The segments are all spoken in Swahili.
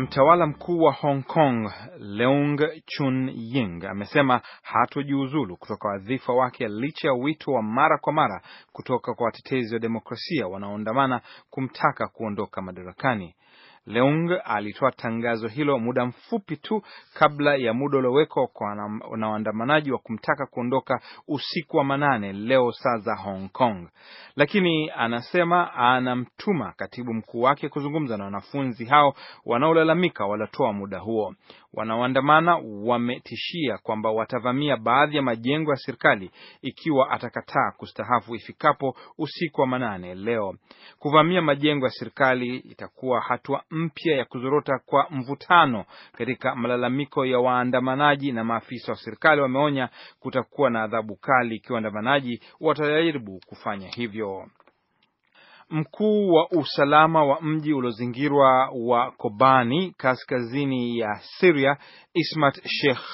Mtawala mkuu wa Hong Kong Leung Chun Ying amesema hatojiuzulu kutoka wadhifa wake licha ya wito wa mara kwa mara kutoka kwa watetezi wa demokrasia wanaoandamana kumtaka kuondoka madarakani. Leung alitoa tangazo hilo muda mfupi tu kabla ya muda uliowekwa kwa na waandamanaji wa kumtaka kuondoka usiku wa manane leo saa za Hong Kong, lakini anasema anamtuma katibu mkuu wake kuzungumza na wanafunzi hao wanaolalamika walatoa muda huo. Wanaoandamana wametishia kwamba watavamia baadhi ya majengo ya serikali ikiwa atakataa kustahafu ifikapo usiku wa manane leo. Kuvamia majengo ya serikali itakuwa hatua mpya ya kuzorota kwa mvutano. Katika malalamiko ya waandamanaji na maafisa wa serikali, wameonya kutakuwa na adhabu kali ikiwa waandamanaji watajaribu kufanya hivyo. Mkuu wa usalama wa mji uliozingirwa wa Kobani kaskazini ya Syria, Ismat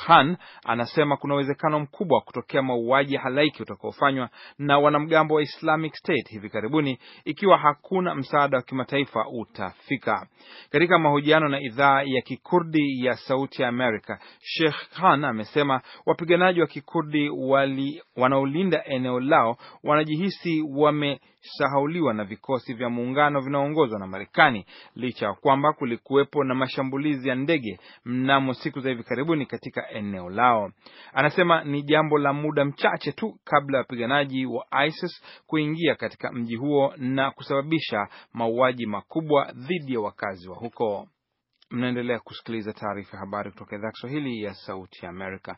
han anasema kuna uwezekano mkubwa wa kutokea mauaji halaiki utakaofanywa na wanamgambo wa Islamic State hivi karibuni ikiwa hakuna msaada wa kimataifa utafika. Katika mahojiano na idhaa ya Kikurdi ya Sauti ya Amerika, han amesema wapiganaji wa Kikurdi wanaolinda eneo lao wanajihisi wamesahauliwa na vikosi vya muungano vinaoongozwa na Marekani, licha ya kwamba kulikuwepo na mashambulizi ya ndege mnamo siku za hivi karibuni katika eneo lao. Anasema ni jambo la muda mchache tu kabla ya wapiganaji wa ISIS kuingia katika mji huo na kusababisha mauaji makubwa dhidi ya wakazi wa huko. Mnaendelea kusikiliza taarifa ya habari kutoka idhaa Kiswahili ya Sauti ya Amerika.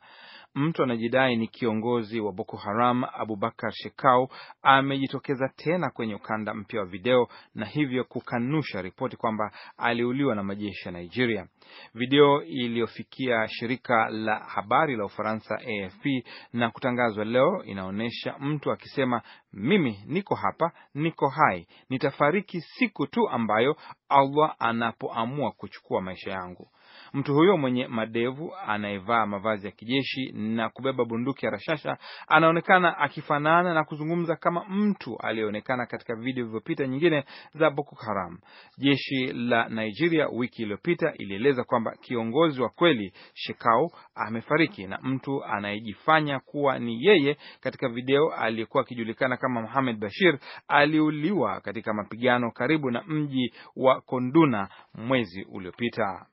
Mtu anajidai ni kiongozi wa Boko Haram Abubakar Shekau amejitokeza tena kwenye ukanda mpya wa video na hivyo kukanusha ripoti kwamba aliuliwa na majeshi ya Nigeria. Video iliyofikia shirika la habari la Ufaransa AFP na kutangazwa leo inaonyesha mtu akisema, mimi niko hapa, niko hai, nitafariki siku tu ambayo Allah anapoamua kuchukua maisha yangu. Mtu huyo mwenye madevu anayevaa mavazi ya kijeshi na kubeba bunduki ya rashasha anaonekana akifanana na kuzungumza kama mtu aliyeonekana katika video vilivyopita nyingine za Boko Haram. Jeshi la Nigeria wiki iliyopita ilieleza kwamba kiongozi wa kweli Shekau amefariki na mtu anayejifanya kuwa ni yeye katika video aliyekuwa akijulikana kama Mohamed Bashir aliuliwa katika mapigano karibu na mji wa Konduna mwezi uliopita.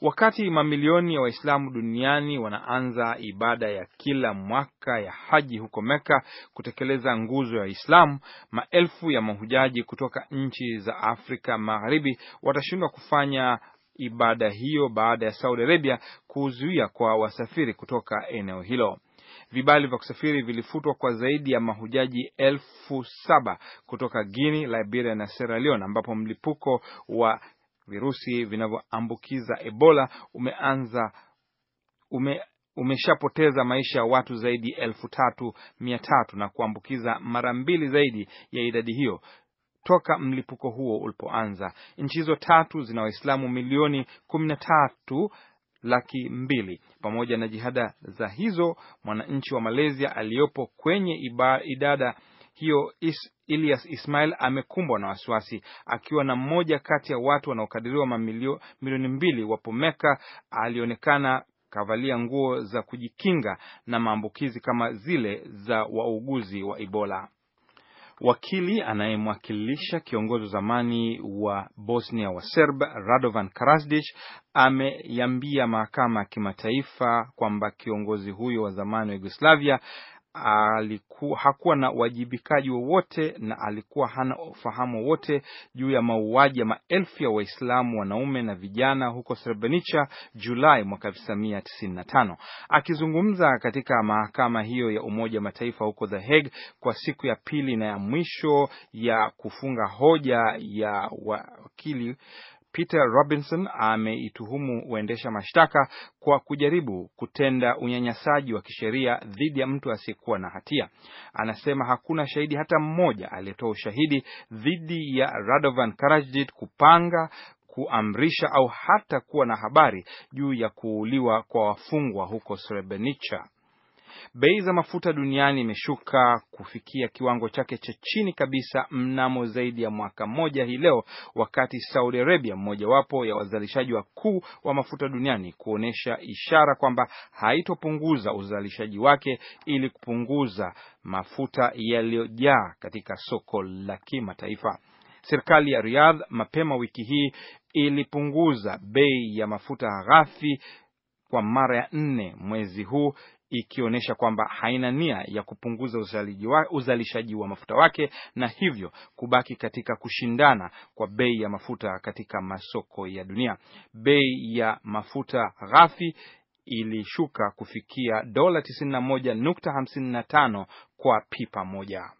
Wakati mamilioni ya Waislamu duniani wanaanza ibada ya kila mwaka ya haji huko Meka kutekeleza nguzo ya waislamu maelfu ya mahujaji kutoka nchi za Afrika Magharibi watashindwa kufanya ibada hiyo baada ya Saudi Arabia kuzuia kwa wasafiri kutoka eneo hilo. Vibali vya kusafiri vilifutwa kwa zaidi ya mahujaji elfu saba kutoka Guini, Liberia na Sierra Leone ambapo mlipuko wa virusi vinavyoambukiza Ebola umeanza ume umeshapoteza maisha ya watu zaidi ya elfu tatu mia tatu na kuambukiza mara mbili zaidi ya idadi hiyo toka mlipuko huo ulipoanza. Nchi hizo tatu zina Waislamu milioni kumi na tatu laki mbili. Pamoja na jihada za hizo, mwananchi wa Malaysia aliyopo kwenye iba, idada hiyo is, Ilias Ismail amekumbwa na wasiwasi akiwa na mmoja kati ya watu wanaokadiriwa mamilioni mbili wapo Meka. Alionekana kavalia nguo za kujikinga na maambukizi kama zile za wauguzi wa Ebola. Wakili anayemwakilisha kiongozi wa zamani wa Bosnia wa Serb Radovan karasdich ameiambia mahakama ya kimataifa kwamba kiongozi huyo wa zamani wa Yugoslavia alikuwa hakuwa na uwajibikaji wowote na alikuwa hana ufahamu wowote juu ya mauaji ya maelfu ya Waislamu wanaume na vijana huko Srebrenica Julai mwaka 1995. Akizungumza katika mahakama hiyo ya Umoja wa Mataifa huko The Hague kwa siku ya pili na ya mwisho ya kufunga hoja ya wakili Peter Robinson ameituhumu waendesha mashtaka kwa kujaribu kutenda unyanyasaji wa kisheria dhidi ya mtu asiyekuwa na hatia. Anasema hakuna shahidi hata mmoja aliyetoa ushahidi dhidi ya Radovan Karajit kupanga kuamrisha au hata kuwa na habari juu ya kuuliwa kwa wafungwa huko Srebrenica. Bei za mafuta duniani imeshuka kufikia kiwango chake cha chini kabisa mnamo zaidi ya mwaka mmoja hii leo, wakati Saudi Arabia, mmojawapo ya wazalishaji wakuu wa mafuta duniani, kuonyesha ishara kwamba haitopunguza uzalishaji wake ili kupunguza mafuta yaliyojaa katika soko la kimataifa. Serikali ya Riyadh mapema wiki hii ilipunguza bei ya mafuta ghafi kwa mara ya nne mwezi huu ikionyesha kwamba haina nia ya kupunguza uzalishaji wa mafuta wake na hivyo kubaki katika kushindana kwa bei ya mafuta katika masoko ya dunia. Bei ya mafuta ghafi ilishuka kufikia dola 91.55 kwa pipa moja.